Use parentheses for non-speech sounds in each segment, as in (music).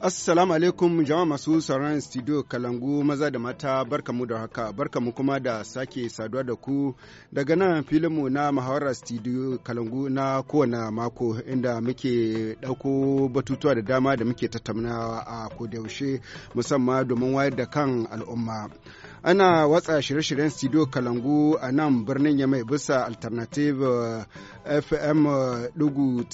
Assalamu alaikum jama'a masu sauran studio Kalangu maza da mata barkamu da haka barkamu kuma da sake saduwa da ku daga nan filinmu na muhawarar studio Kalangu na kowane mako inda muke ɗauko batutuwa da dama da muke tattaunawa a kodayaushe musamman domin wayar da kan al'umma. ana watsa shirye-shiryen studio kalangu a nan birnin yamai bisa alternative eh, fm eh, dugu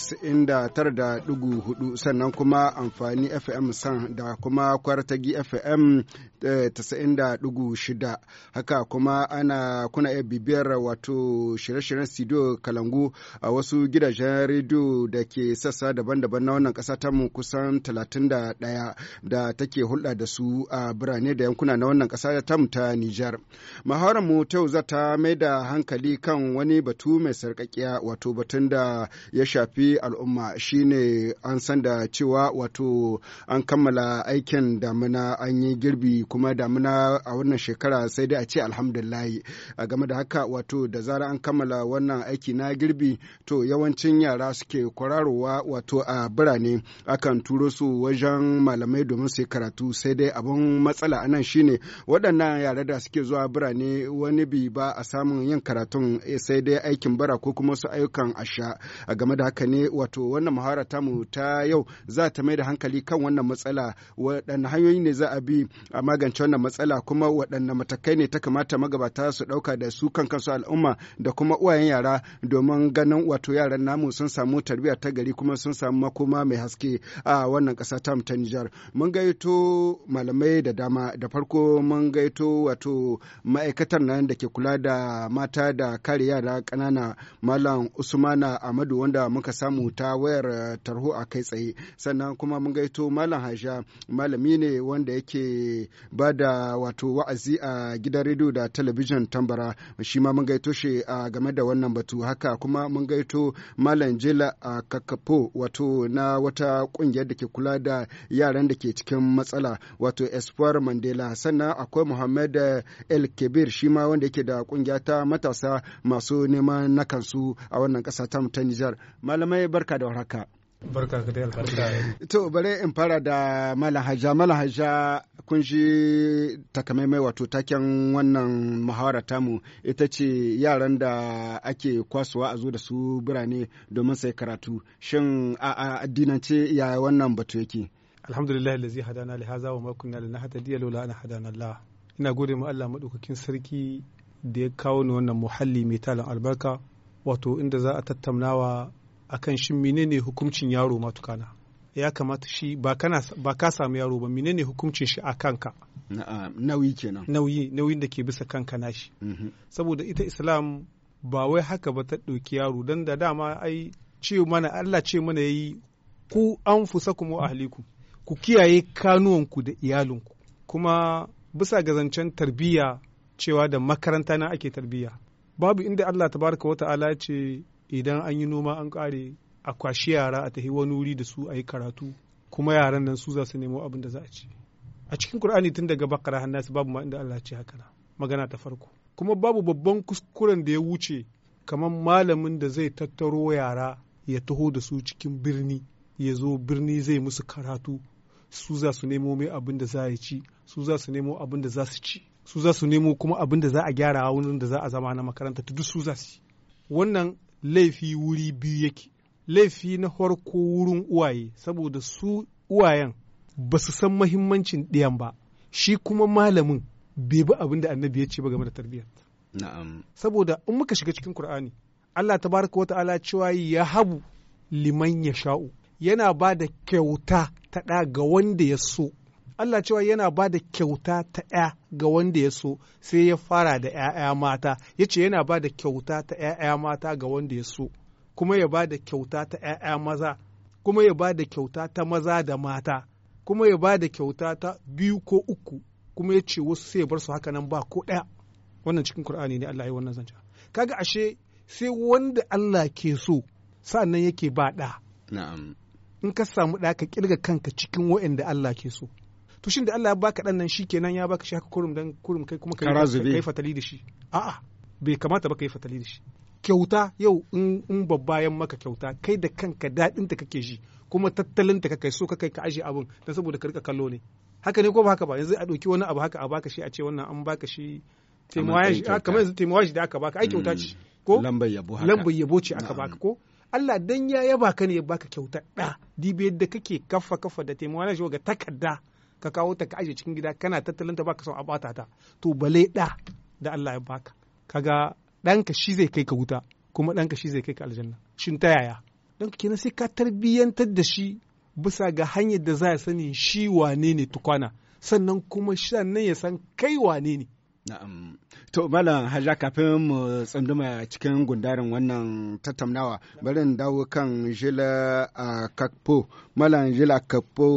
da dugu hudu sannan kuma amfani fm san da kuma kwartagi fm eh, tasa'in da dugu shida haka kuma ana kuna iya bibiyar wato shirye-shiryen studio kalangu a wasu gidajen rediyo da ke sassa daban-daban na wannan ƙasa mu kusan talatin da ɗaya da take hulɗa da su a birane da yankuna na wannan ƙasa tamu ta ta Nijar. Mahawarar mu ta mai da hankali kan wani batu mai sarƙaƙiya wato batun da ya shafi al'umma shine an san da cewa wato an kammala aikin damina an yi girbi kuma damina a wannan shekara sai dai a ce alhamdullahi, a game da haka wato da zara an kammala wannan aiki na girbi to yawancin yara suke kwararowa wato a birane akan turo su wajen malamai domin su yi karatu sai dai abun matsala anan shine waɗannan yara da suke zuwa birane wani bi ba a samun yin karatun eh, sai dai aikin bara ko kuma su ayyukan asha a game da haka ne wato wannan muhawara mu ta yau za ta mai da hankali kan wannan matsala waɗanne hanyoyi ne za a bi a magance wannan matsala kuma waɗanne matakai ne ta kamata magabata su ɗauka da su kan kansu al'umma da kuma uwayen yara domin ganin wato yaran namu sun samu tarbiyya ta gari kuma sun samu makoma mai haske a wannan ƙasa mu ta Nijar. Mun gaito malamai da dama da farko mun gaito wato ma'aikatar nan da ke kula da mata da kare yara ƙanana malam usmana amadu wanda muka samu ta wayar tarho a kai tsaye sannan kuma mun gaito malam haja malami ne wanda yake ba da wato wa'azi a gidan rediyo da talabijin tambara shi ma mun gaito shi a game da wannan batu haka kuma mun gaito malam jela a Kakapo wato na wata kungiyar da ke kula da yaran da ke cikin matsala wato espoir mandela sannan akwai muhammad Ahmed El Kebir shi ma wanda yake da kungiya ta matasa masu neman na kansu a wannan kasa ta ta Nijar. Malamai barka da warhaka. Barka ka dai alhamdulillah. To bare in fara da Malahaja. Malahaja kun shi takamaimai wato taken wannan muhawara tamu ita ce yaran da ake kwasuwa a zo da su birane domin sai karatu. Shin a addinance ya wannan batu yake? Alhamdulillah lazi hadana li haza wa ma kunna lanahtadiya lawla ana hadana Allah. ina gode ma Allah maɗaukakin sarki da ya kawo ni wannan muhalli mai talan albarka wato inda za a tattaunawa akan shin menene hukuncin yaro matukana ya kamata shi ba ka samu yaro ba menene hukuncin shi a kanka nauyi kenan nauyi nauyin da ke bisa kanka nashi mm-hmm. saboda ita islam ba wai haka ba ta ɗauki yaro dan da dama ai ce mana Allah ce mana yayi ku an fusa kuma ahlikum ku kiyaye kanuwanku da iyalinku kuma bisa ga zancen tarbiyya cewa da makaranta na ake tarbiyya babu inda Allah tabaraka wa ta'ala ce idan an yi noma an kare a kwashi yara a tahi wani wuri da su a yi karatu kuma yaran nan su za su nemo abin da za a ci a cikin Qur'ani tun daga bakara hannasu babu ma inda Allah ce haka na magana ta farko kuma babu babban kuskuren da ya wuce kamar malamin da zai tattaro yara ya taho da su cikin birni ya zo birni zai musu karatu su za su nemo mai abin da za a ci su za su nemo abin da za su ci su za su nemo kuma abin da za a gyara wurin da za a zama na makaranta duk su za su wannan laifi wuri biyu yake laifi na farko wurin uwaye saboda su uwayen ba su san mahimmancin ɗiyan ba shi kuma malamin bai bi abin da annabi ya ce ba game da tarbiyyar na'am saboda in muka shiga cikin qur'ani Allah tabaraka wa ta'ala cewa ya habu liman ya sha'u yana ba da kyauta ta ɗa ga wanda ya so Allah cewa yana ba da kyauta ta ɗaya ga wanda ya so sai ya fara da ‘ya'ya mata, ya ce yana ba da kyauta ta ‘ya'ya mata ga wanda ya so, kuma ya ba da kyauta ta ‘ya'ya maza, kuma ya ba da kyauta ta maza da mata, kuma ya ba da kyauta ta biyu ko uku, kuma ya ce wasu sai ya bar su haka nan ba ko ɗaya. Wannan cikin ƙur'ani ne Allah ya wannan zancen. Kaga ashe sai wanda Allah ke so, sa'annan nan yake ba ɗa. Na'am. in ka samu da ka kirga kanka cikin da Allah ke so to shin da Allah ya baka ɗan nan shi nan ya baka shi haka kurum dan kurum kai kuma yi fatali da shi a'a bai kamata ba yi fatali da shi kyauta yau in babba ya maka kyauta kai da kanka daɗin ta kake ji kuma tattalin ta kake so ka kai ka aje abin dan saboda ka rika kallo ne haka ne ko ba haka ba yanzu a ɗauki wani abu haka a baka shi a ce wannan an baka shi taimawa shi yanzu taimawa shi da aka baka ai kyauta ce mm. ko lambar yabo haka lambar yabo ce aka baka ko Allah dan ya yaba ka ne ya baka kyauta ɗa dibe yadda kake kafa kafa da taimawa na ga takarda ka kawo ta ka ajiye cikin gida kana tattalin ta baka son a bata ta to bale ɗa da Allah ya baka kaga ka shi zai kai ka wuta kuma ka shi zai kai ka aljanna shin ta yaya don kenan sai ka tarbiyyantar da shi bisa ga hanyar da za ya sani shi wane ne tukwana sannan kuma sannan ya san kai wane ne Na'am. To Malam Hajja kafin mu tsunduma cikin gundarin wannan tattaunawa bari dawo kan Jila a Kakpo. Malam Jila Kakpo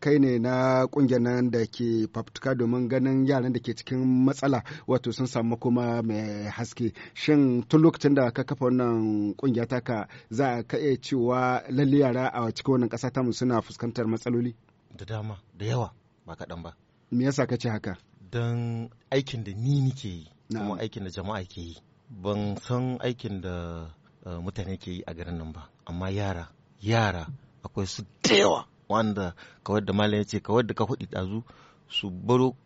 kai ne na kungiyar nan da ke fafutuka domin ganin yaran da ke cikin matsala wato sun samu kuma mai haske. Shin tun lokacin da ka kafa wannan kungiya taka za ka iya cewa lalle yara a cikin wannan ƙasa tamu suna fuskantar matsaloli? Da dama, da yawa, ba kaɗan ba. Me yasa ka ce haka? don aikin da ni nike yi kuma aikin da jama'a ke yi ban san aikin da eh, mutane ke yi a garin nan ba amma yara yara akwai su dewa yawa wanda kawar da malam ya ce kawar da ka hudu dazu su baro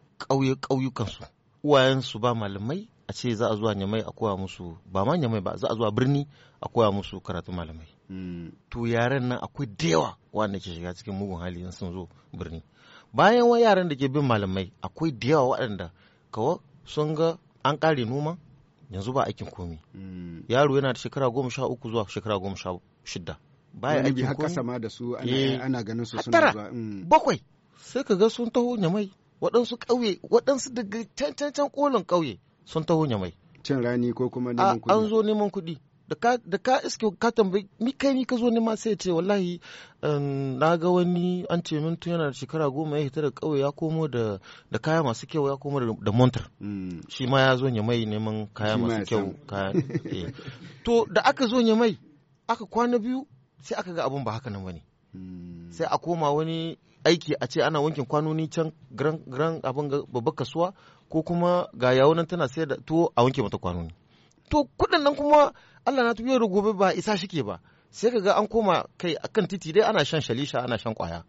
kauyukansu uwayen su ba malamai a ce za a zuwa nyamai a koya musu ba ma nyamai ba za a zuwa birni a koya musu karatu malamai hmm. to yaran nan akwai da yawa wanda ke shiga cikin mugun hali in sun zo birni bayan wa yaran da ke bin malamai akwai da yawa waɗanda kawo sun ga an ƙare noma yanzu ba aikin komi hmm. yaro yana da shekara goma sha uku zuwa shekara goma sha shida baya aikin komi haka sama da su ana eh. ganin su suna zuwa hmm. bakwai sai ka ga sun taho nyamai waɗansu ƙauye waɗansu daga can can can ƙolin ƙauye sun taho nyamai cin rani ko kuma neman kuɗi an zo neman kuɗi da ka iske ka tambayi mi kai ni ka zo nema sai ce wallahi um, na ga wani an ce min tun yana da shekara goma ya hita da kawai ya komo da kaya masu kyau ya komo da montar mm. shi ma ya zo ya mai neman kaya masu kyau eh. to da aka zo ya mai aka kwana biyu sai aka ga abun ba haka nan bane mm. sai a koma wani aiki a ce ana wankin kwanoni can gran abin babbar kasuwa ko kuma ga yawo tana sayar da to a wanke mata kwanoni to kuɗin nan kuma Allah na yau da gobe ba isa shike ba sai ka ga an koma kai akan titi dai ana shan shalisha ana shan kwaya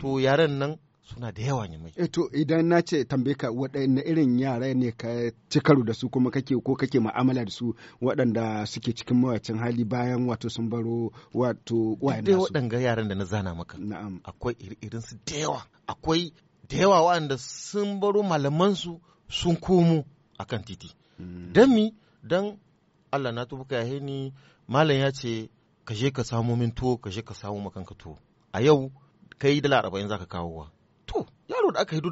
to yaran nan suna da yawa ne mai eh to idan na ce tambaye ka waɗanne irin yara ne ka ci karo da su kuma kake ko kake ma'amala da su waɗanda suke cikin mawacin hali bayan wato sun baro wato wayan nasu waɗanga yaran da na zana maka na'am akwai irin su da yawa akwai da yawa waɗanda sun baro malaman su sun komo akan titi mm. dan mi dan Allah na tuba ka ni malam ya ce ka je ka samu min tuwo ka je ka samu makanka tuwo a yau kai dala arba'in za ka kawo wa to yaro da aka hido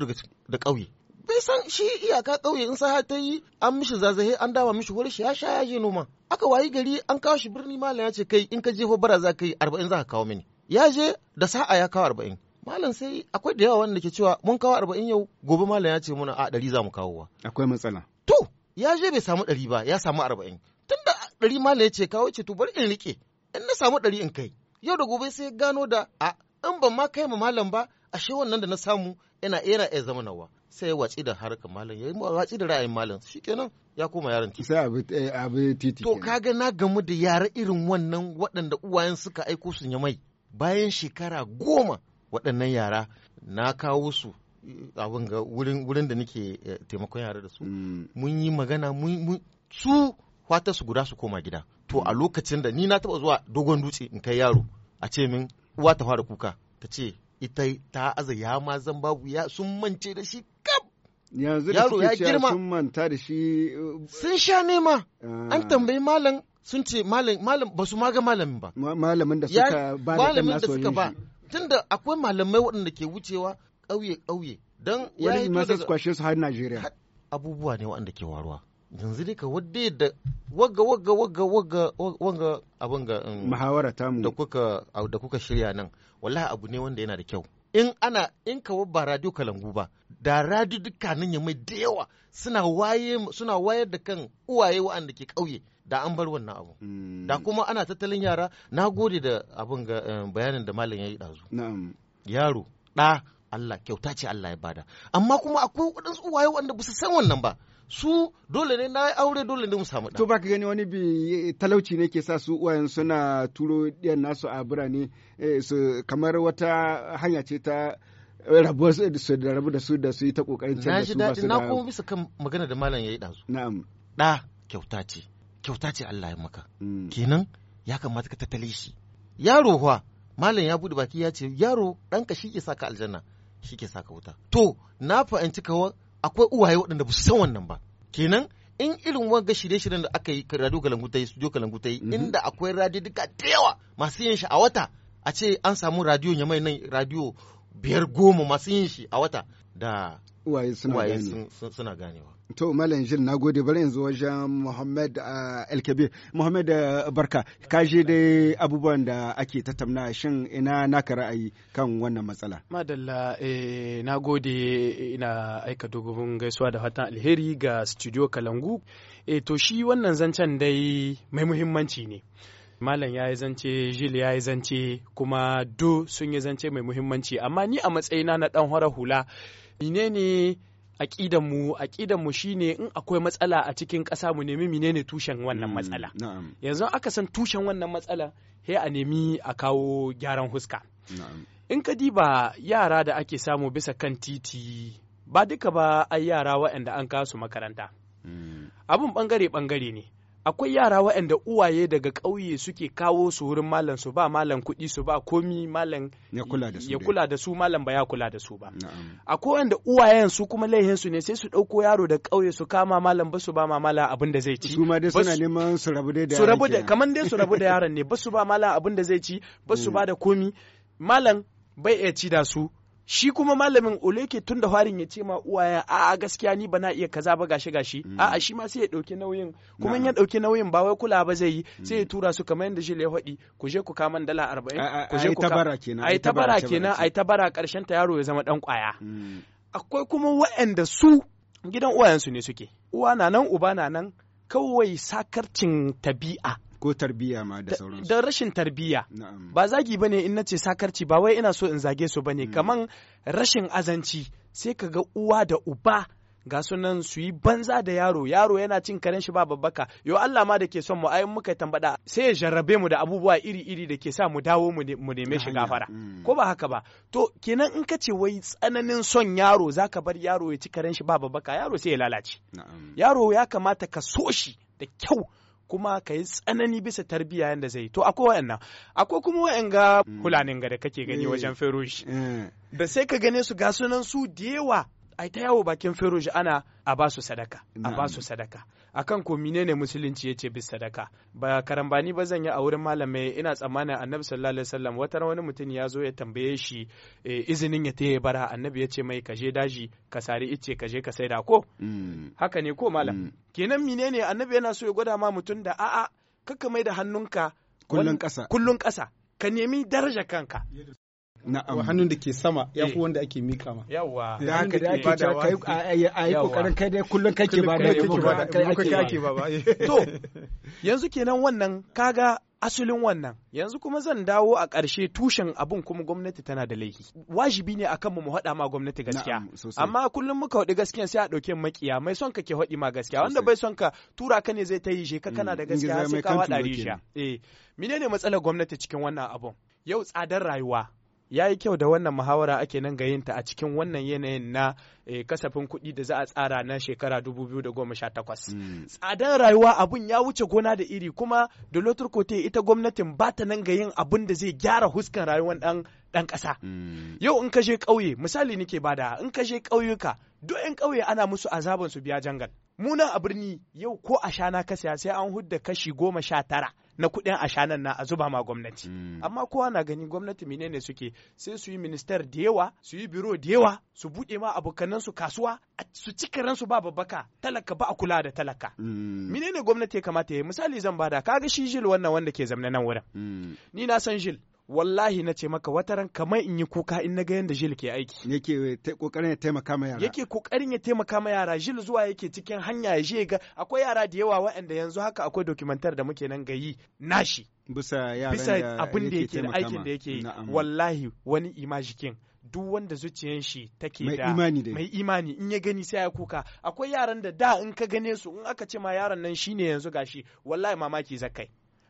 da ƙauye bai san shi iyaka ƙauye in saha ta yi an mishi zazahe an dama mishi wani shi ya sha ya je noma aka wayi gari an kawo shi birni malam ya ce kai in ka je bara za ka yi arba'in za ka kawo mini ya je da sa'a ya kawo arba'in malam sai akwai da yawa wanda ke cewa mun kawo arba'in yau gobe malam ya ce muna a ɗari za mu kawo wa akwai matsala to ya je bai samu ɗari ba ya samu arba'in da ɗari mala ya ce kawo ce to bari in rike in na samu ɗari in kai yau da gobe sai gano da a in ban ma kai ma malam ba ashe wannan da na samu yana era ya zama nawa sai ya watsi da harkar malam ya yi watsi da ra'ayin malam shikenan ya koma yaron titi sai abu eh, titi to kaga na gamu da yara irin wannan waɗanda uwayen suka aiko su mai bayan shekara goma waɗannan yara na kawo su eh, abin ga wurin da nake eh, taimakon yara da su mm. mun yi magana mun su fata su guda su koma gida to a hmm. lokacin da ni na taba zuwa dogon dutse in kai yaro a ce min uwa ta fara kuka ta ce ita ta aza ya ma zan babu ya sun mance da shi kab. yanzu da suke cewa sun manta da shi uh, sun sha nema ah. an tambayi malam sun ce malam malam ba su ma ga malamin ba malamin da suka ba malamin da suka ba tunda akwai malamai waɗanda ke wucewa ƙauye ƙauye don ya yi to kwashe su har Najeriya abubuwa ne waɗanda ke waruwa yanzu dai ka wadde da wagga wagga wagga wagga abin ga um, muhawara ta mu da kuka da kuka shirya nan wallahi abu ne wanda yana da kyau in ana in ka ba radio kalangu ba da radio dukkanin ya mai da yawa suna waye suna wayar da kan uwaye wa'anda ke kauye da an bar wannan abu hmm. da kuma ana tattalin yara na gode da abin ga um, bayanin da malam ya dazu na'am yaro ɗa Allah kyauta ce Allah ya bada amma kuma akwai waɗansu uwaye wanda ba su san wannan ba su dole ne na aure dole ne mu samu to baka gani wani bi talauci ne ke sa su uwayen suna turo ɗiyan nasu a birane eh, su kamar wata hanya ce ta rabuwa su da rabu da su da su yi ta kokarin canza su ba su na kuma bisa kan magana da malam yayi dazu na'am da kyauta ce kyauta ce Allah ya maka mm. kenan ya kamata ka tattale shi yaro huwa malam ya bude baki ya ce yaro ɗanka shi ke saka aljanna shi ke saka wuta to na fa'anci kawai akwai uwaye waɗanda ba su san wannan ba kenan in irin wanga shirye-shiryen da aka yi radio kalangu studio kalangu mhm. inda akwai radio duka da yawa masu yin shi a wata a ce an samu radio ya mai nan radio biyar goma masu yin shi a wata da Waye suna ganewa to malam jil na gode bari yanzu wajen muhammad alkabe uh, muhammad uh, barka ka je dai abubuwan da ake tattauna shin ina naka ra'ayi kan wannan matsala madalla eh, na gode ina aika dogon gaisuwa da fatan alheri ga studio kalangu e to shi wannan zancen dai mai muhimmanci ne malam ya yi zance jil ya yi zance kuma do sun yi zance mai muhimmanci amma ni a matsayina na dan hula ne aƙidan mu aƙidan mu shine in akwai matsala a cikin ƙasa mu nemi mine ne tushen wannan mm, matsala yanzu aka san tushen wannan matsala he a nemi a kawo gyaran huska in ka diba yara da ake samu bisa kan titi ba duka ba ai yara waɗanda an kasu makaranta mm. abun ɓangare-ɓangare ne akwai yara waɗanda uwaye daga ƙauye suke kawo su wurin malam su ba malam kuɗi su ba komi malam ya kula da su malam ba ya kula da su ba akwai wanda uwayen su kuma laihin su ne sai su ɗauko yaro da ƙauye su kama malam ba su ba ma malam abin da zai ci su ma dai suna neman su rabu da su rabu da kaman dai su rabu da yaron ne ba su ba malam abin da zai ci ba su mm. ba da komi malam bai iya ci da su shi kuma malamin oleke tun da farin ya ce ma uwaya a gaskiya ni bana iya kaza ba gashi gashi mm. a shi ma sai ya dauki nauyin kuma in ya dauki nauyin ba wai kula ba zai yi mm. sai ya tura su kamar yadda Jile ya faɗi ku je ku kama dala 40 ku je ku tabara kenan ai tabara kenan ai tabara karshen ta yaro ya zama dan kwaya mm. akwai kuma waɗanda su gidan uwayensu ne suke uwa na nan uba na nan kawai sakarcin tabi'a ko tarbiyya ma da sauransu da rashin tarbiyya ba zagi ba ne in na ce sakarci ba wai ina so in zage su ba ne mm. kaman rashin azanci sai ka ga uwa da uba ga sunan su yi banza da yaro yaro yana cin karen shi ba babbaka yo Allah ma da ke son mu ai muka tambada sai ya jarrabe mu da abubuwa iri iri da ke sa mu dawo mu neme shi gafara mm. ko ba haka ba to kenan in ka ce wai tsananin son yaro zaka bar yaro ya ci karen shi ba babbaka yaro sai ya lalace yaro ya kamata ka so shi da kyau kuma ka yi tsanani bisa tarbiyya yadda zai to akwai wa'annan akwai kuma wa'anga hulanin mm. ga da kake gani eh. wajen feroshi eh. da sai ka gane su ga sunan su da yawa ai ta yawo bakin feroji ana a ba su sadaka a ba su sadaka akan ko menene musulunci yace bis sadaka ba karambani ba zan yi a wurin malamai ina tsammanin annabi sallallahu alaihi wasallam wata wani mutum ya zo ya tambaye shi eh, izinin ya taya bara annabi yace mai kaje daji ka sari ice kaje ka saida ko mm. haka ne ko malam mm. kenan menene annabi yana so ya gwada ma mutum da a'a kaka mai da hannunka kullun kasa kullun ƙasa ka nemi daraja kanka na'am hannun da ke sama ya fi eh. wanda ake mika ma yawa da haka da ake da kai a yi kokarin kai dai kullun ke ba da kake ba kai ake ba (laughs) to yanzu kenan wannan kaga asalin wannan yanzu kuma zan dawo a ƙarshe tushen abun kuma gwamnati tana da laifi wajibi ne akan mu haɗa ma gwamnati gaskiya amma kullum muka haɗu gaskiya sai a ɗauke makiya mai son ka ke haɗi ma gaskiya wanda bai son ka tura ka ne zai ta yi shi ka kana da mm, gaskiya sai ka waɗa rishiya eh menene matsalar gwamnati cikin wannan abun yau tsadar rayuwa ya yi kyau da wannan muhawara ake nan gayinta a cikin wannan yanayin na eh, kasafin kuɗi da za a tsara na shekara 2018 hmm. tsadar rayuwa abun ya wuce gona da iri kuma da kote ita gwamnatin ba ta nan yin abun da zai gyara huskan rayuwar ɗan ɗan ƙasa hmm. yau in ka je ƙauye misali nake bada in ka je ƙauyuka duk in ƙauye ana musu azaban su biya jangal Munan a birni yau ko a shana na sai an hudda kashi goma sha tara na kuɗin a ashanan na a zuba ma gwamnati mm. amma kowa na gani gwamnati menene suke sai su yi minister da yawa su yi biro da yawa su buɗe ma abokanan su kasuwa su cika ransu ba babbaka talaka ba a kula da talaka mm. menene gwamnati ya kamata ya yi misali zan bada kaga shi jil wannan wanda ke zamna nan wurin mm. ni na san jil wallahi na ce maka wata ran kamar in yi kuka in na ga yadda Jil ke aiki. Yake eh, kokarin ya taimaka ma yara. Yake kokarin ya taimaka ma yara Jil zuwa yake cikin hanya ya je ga akwai yara da yawa waɗanda yanzu haka akwai dokumentar da muke nan gayi nashi. Bisa yaran Bisa abin da yake da aikin da yake yi wallahi wani imajikin duk wanda zuciyan shi take da mai imani in ya gani sai ya kuka akwai yaran da da in ka gane su in aka ce ma yaran nan shine yanzu gashi wallahi mamaki zakai.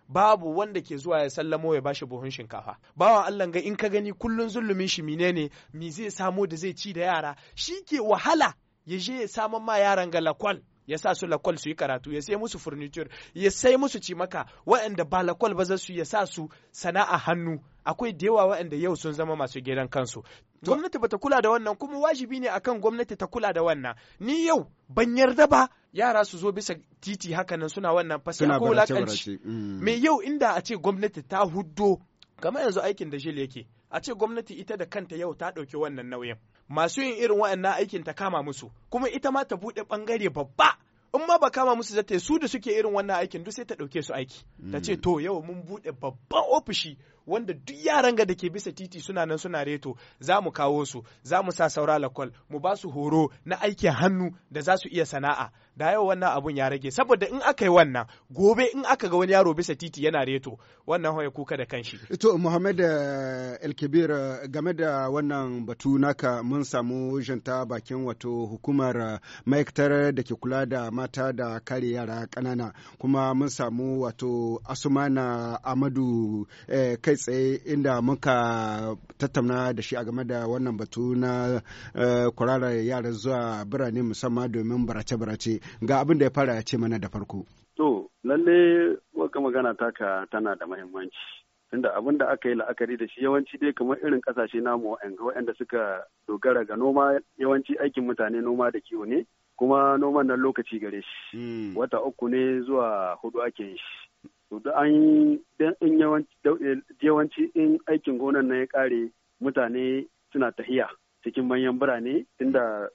babu wanda ke zuwa ya sallamo ya bashi buhun shinkafa bawan Allah ga in ka gani kullun zulumin shi menene mi zai samo da zai ci da yara shi ke wahala ya je ya samun ma yaran ga lakwal ya sa su lakwal su yi karatu ya sai musu furniture ya sai musu cimaka waɗanda ba lakwal ba za su ya sa su sana'a hannu akwai da yawa waɗanda yau sun zama masu gidan kansu gwamnati bata kula da wannan kuma wajibi ne akan gwamnati ta kula da wannan ni yau ban yarda ba yara su zo bisa titi hakanan suna wannan fasa ko wulaƙanci. me yau inda a ce gwamnati ta huddo kamar yanzu aikin da shil yake a ce gwamnati ita da kanta yau ta ɗauki wannan nauyin masu yin irin waɗannan aikin ta kama musu kuma ita ma ta buɗe ɓangare babba in ma ba kama musu zata yi su da suke irin wannan aikin duk sai ta ɗauke su aiki ta ce mm. to yau mun buɗe babban ofishi wanda duk yaran ga dake bisa titi suna nan suna reto za mu kawo su za mu sa saura lakwal mu ba su horo na aikin hannu da za su iya sana'a da yau wannan abun ya rage saboda in aka yi wannan gobe in aka ga wani yaro bisa titi yana reto wannan hoya kuka da kanshi to muhammad eh, elkebir eh, game da wannan batu naka mun samu janta bakin wato hukumar eh, ma'aikatar da ke kula da mata da kare yara ƙanana kuma mun samu wato asumana amadu kai tsaye inda muka tattauna da shi a game da wannan batu na eh, kwararar yaran zuwa birane musamman domin barace-barace ga abin da ya fara ya ce mana da farko. To, lalle waka magana taka tana da mahimmanci. Tunda abin da aka yi la'akari da shi yawanci dai kamar irin kasashe namu waɗanda suka dogara ga noma yawanci aikin mutane noma da kiwo ne, kuma noman nan lokaci gare shi. Hmm. Wata uku ne zuwa hudu ake yi shi. da an yi in eh, yawanci in aikin gonan na ya kare mutane suna tahiya cikin manyan birane inda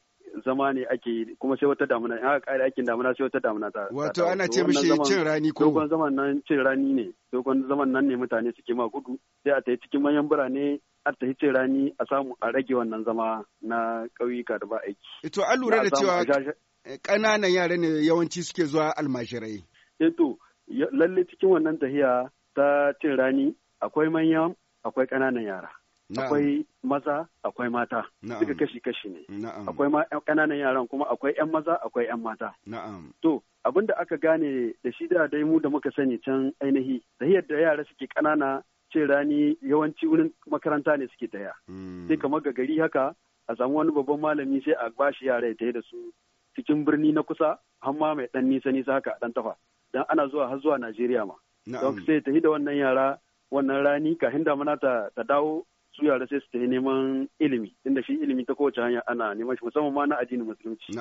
zama ne ake kuma sai wata damuna in aka kare aikin damuna sai wata damuna ta wato ana ce mishi cin rani ko dogon zaman nan cin rani ne dogon zaman nan ne mutane suke ma gudu sai a tafi cikin manyan birane a tafi cin rani a samu a rage wannan zama na ƙauyuka da ba aiki eh, to an lura da cewa ƙananan yara ne yawanci suke zuwa almajirai eh to lalle cikin wannan tahiya ta cin rani akwai manyan akwai ƙananan yara akwai maza akwai mata duka kashi kashi ne akwai ƙananan yaran kuma akwai 'yan maza akwai 'yan mata to abin da aka gane da shi da dai mu da muka sani can ainihi tahiyar da yara suke ƙanana cin rani yawanci wurin makaranta ne suke taya hmm. sai kamar ga gari haka a samu wani babban malami sai a bashi yara ya tafi da su cikin birni na kusa hamma mai dan nisa nisa haka dan tafa dan ana zuwa har zuwa Najeriya ma. Don sai tafi da wannan yara wannan rani kafin damuna ta ta dawo su yara sai su tafi neman ilimi inda shi ilimi ta kowace hanya ana neman shi musamman ma na addinin musulunci.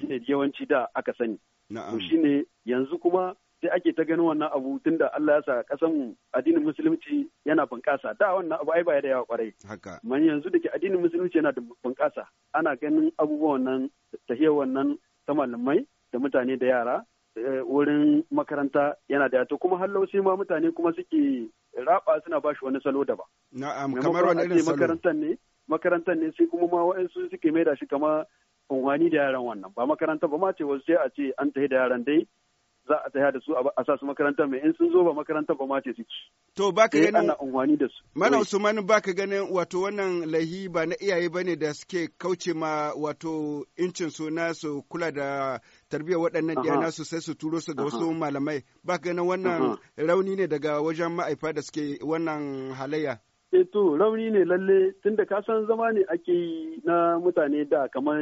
Shi ne yawanci da aka sani. na'am shi ne yanzu kuma sai ake ta ganin wannan abu tunda Allah ya sa kasan addinin musulunci yana bunƙasa da wannan abu ai baya da yawa kwarai haka man yanzu ke addinin musulunci yana da bunƙasa ana ganin abubuwan nan tahiyar wannan ta malamai da mutane da yara Eh, wurin makaranta yana da yato kuma hallaushi ma mutane kuma suke raba suna ba shi wani salo daba. Na'am kamar wani irin salo. Makarantar ne makarantar ne sai kuma ma wa'ansu suke mai da shi kama unwani da yaran wannan ba makaranta ba ma ce wasu sai a ce an tafi da yaran dai za a tafi da su a sa su makarantar mai in sun zo ba makarantar ba ma ce suke. To ba ka eh, ganin. unwani da su. Mana eh. Usman ba ka ganin wato wannan lahi ba na iyaye ba ne da suke kauce ma wato incin su na su kula da Tarbiya waɗannan ɗaya nasu sai su turo su ga wasu malamai ba ganin wannan rauni ne daga wajen ma'aifa da suke wannan halayya. E to rauni ne lalle tunda ka san zama ne ake yi na mutane da kamar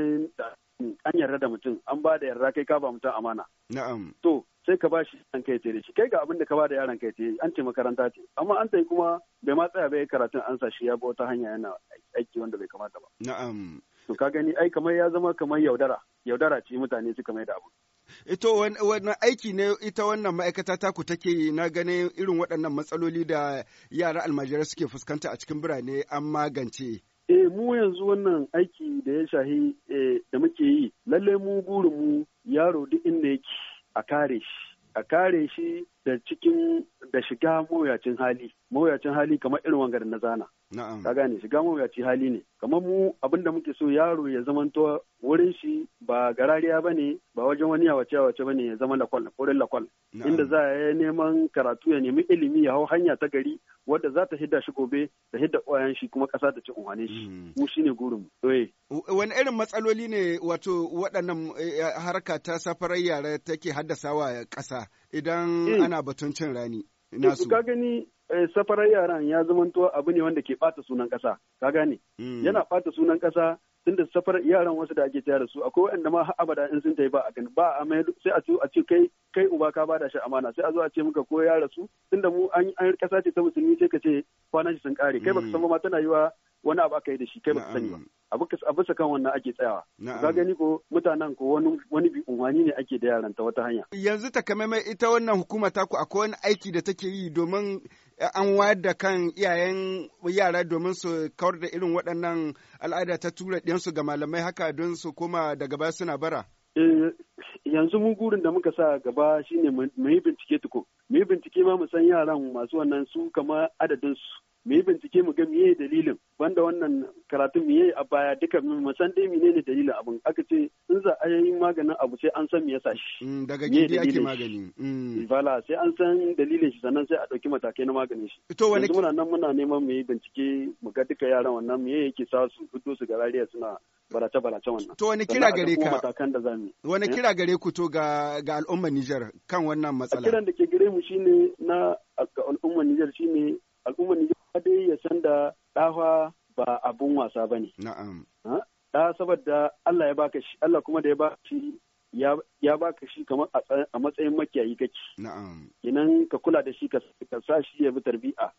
an yarda da mutum an ba da yarda kai ka ba mutum amana. Na'am. To sai ka ba shi an kai tere shi kai ga abin da ka ba da yaran kai tere an ce makaranta ce amma an tai kuma bai ma tsaya bai karatun an sa shi ya bi wata hanya yana aiki wanda bai kamata ba. Na'am. to ka gani ai kamar ya zama kamar yaudara yaudara ce mutane suka mai da abu ito wannan aiki ne ita wannan ma'aikata ta ku take yi na gane irin waɗannan matsaloli da yara almajirai suke fuskanta a cikin birane an magance eh mu yanzu wannan aiki da ya shahi eh, da muke yi lalle mu burin mu yaro duk inda yake a kare shi a kare shi da cikin da shiga mawuyacin hali mawuyacin hali kamar irin wangar na zana ka gane shiga mawuyacin hali ne kamar mu abinda muke so yaro ya zamanto wurin shi ba garariya ba ne ba wajen wani yawace yawace ba ne ya zama lakwal wurin lakwal inda za a yi neman karatu ya nemi ilimi ya hau hanya ta gari wadda za ta hidda shi gobe da hidda ƙwayan shi kuma ƙasa ta ci umarni shi mm. mu shi ne gurin eh. wani irin matsaloli ne wato waɗannan eh, harka ta safarar yara take haddasawa ƙasa idan eh. ana batun cin rani. Nasu. Eh, ka gani eh, safarar yaran ya zamanto abu ne wanda ke bata sunan kasa ka gane hmm. yana bata sunan kasa tunda safar yaran wasu da ake tayar su akwai wanda ma abada in sun tafi ba a gani ba a mai sai a a ce kai kai uba ka bada shi amana sai a zo a ce maka ko ya rasu tunda mu an an kasa ce ta musulmi sai ka ce kwanan shi sun kare kai baka hmm. san ba ma tana yiwa wani abu aka yi da shi kai baka sani ba a bisa kan wannan ake tsayawa ka gani ko mutanen ko wani wani bi unwani ne ake da yaran ta wata hanya yanzu mai ita wannan hukuma ta ku akwai wani aiki da take yi domin eh, an wayar da kan iyayen yara domin su kawar da irin waɗannan al'ada ta tura ɗiyansu ga malamai haka don su koma daga baya suna bara eh, yanzu mu gurin da muka sa gaba shine mai bincike tuko mai bincike ma mu san yaran masu wannan su kama adadin su mu yi bincike mu ga miye dalilin banda wannan karatun miye a baya duka mu san dai menene dalilin abin aka ce in za a yi maganin abu sai an san me yasa shi mm, daga gidi ake magani bala mm. sai an san dalilin shi sannan sai a dauki matakai na maganin shi to wani kuma nan muna neman mu yi bincike mu ga duka yaran wannan miye yake sa su fito su garariya suna barace barace wannan to wani kira gare ka matakan da zamu wani eh? kira gare ku to ga ga al'umma Niger kan wannan matsala kiran da ke gare mu shine na al'umma Niger shine al'umma Nijar dai ya san da dafa ba abun wasa ba ne. Na'am. Da saboda Allah ya baka shi, Allah kuma da ya baka shi ya baka shi kamar a matsayin makiyayi kake. Na'am. Inan ka kula da shi ka sa shi ya bi tarbi'a.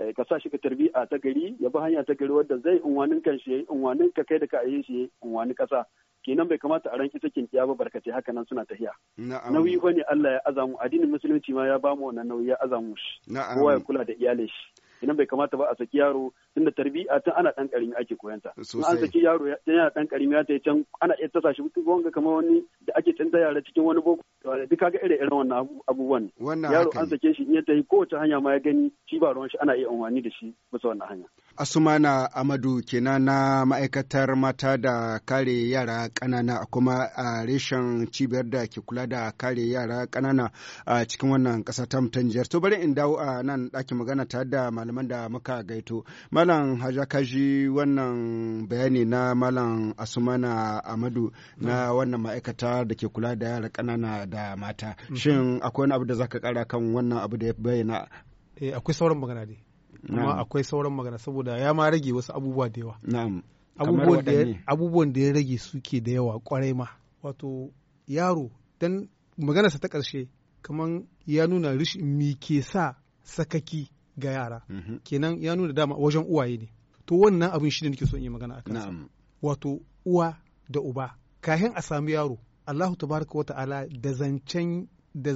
Eh, ka sa shi ka tarbi'a ta gari ya bi hanya ta gari wadda zai unwanin kan shi unwanin ka kai da ka ayi shi unwanin kasa. kenan bai kamata a ranki sakin kiya ba barkace haka nan suna tahiya nauyi fa ne Allah ya azamu addinin musulunci ma ya bamu wannan nauyi ya azamu shi kowa ya kula da iyalin shi kenan bai kamata ba a saki yaro tunda tarbiya tun ana dan karimi ake koyanta in an saki yaro tun yana dan karimi ya can ana iya tasa shi wanga kamar wani da ake canza yara cikin wani boko duk kaga irin irin wannan abubuwan yaro an sake shi in ya tafi kowace hanya ma ya gani shi ba ruwan shi ana iya amfani da shi bisa wannan hanya Asumana Amadu kenan na ma'aikatar mata da kare yara ƙanana kuma a reshen cibiyar da ke kula da kare yara ƙanana a cikin wannan ƙasa ta mutanjiyar. To bari in dawo a nan ɗakin magana tare da malaman da muka gaito. Malam Haja Kaji wannan bayani na Malam Asumana Amadu na wannan ma'aikata da ke kula da yara ƙanana da mata. Mhm. Shin akwai wani abu da zaka kara kan wannan abu da ya bayyana? Eh, akwai sauran magana dai. kuma akwai sauran magana saboda ya ma rage wasu abubuwa da yawa abubuwan da ya rage suke da yawa kwarai ma wato yaro dan maganarsa ta ƙarshe kamar ya nuna mi ke sa sakaki ga yara mhm. kenan ya nuna dama wajen uwaye ne to wannan abin shi ne nake so in yi magana akan wato uwa da uba kahin a sami yaro Allahu tabaraka wa da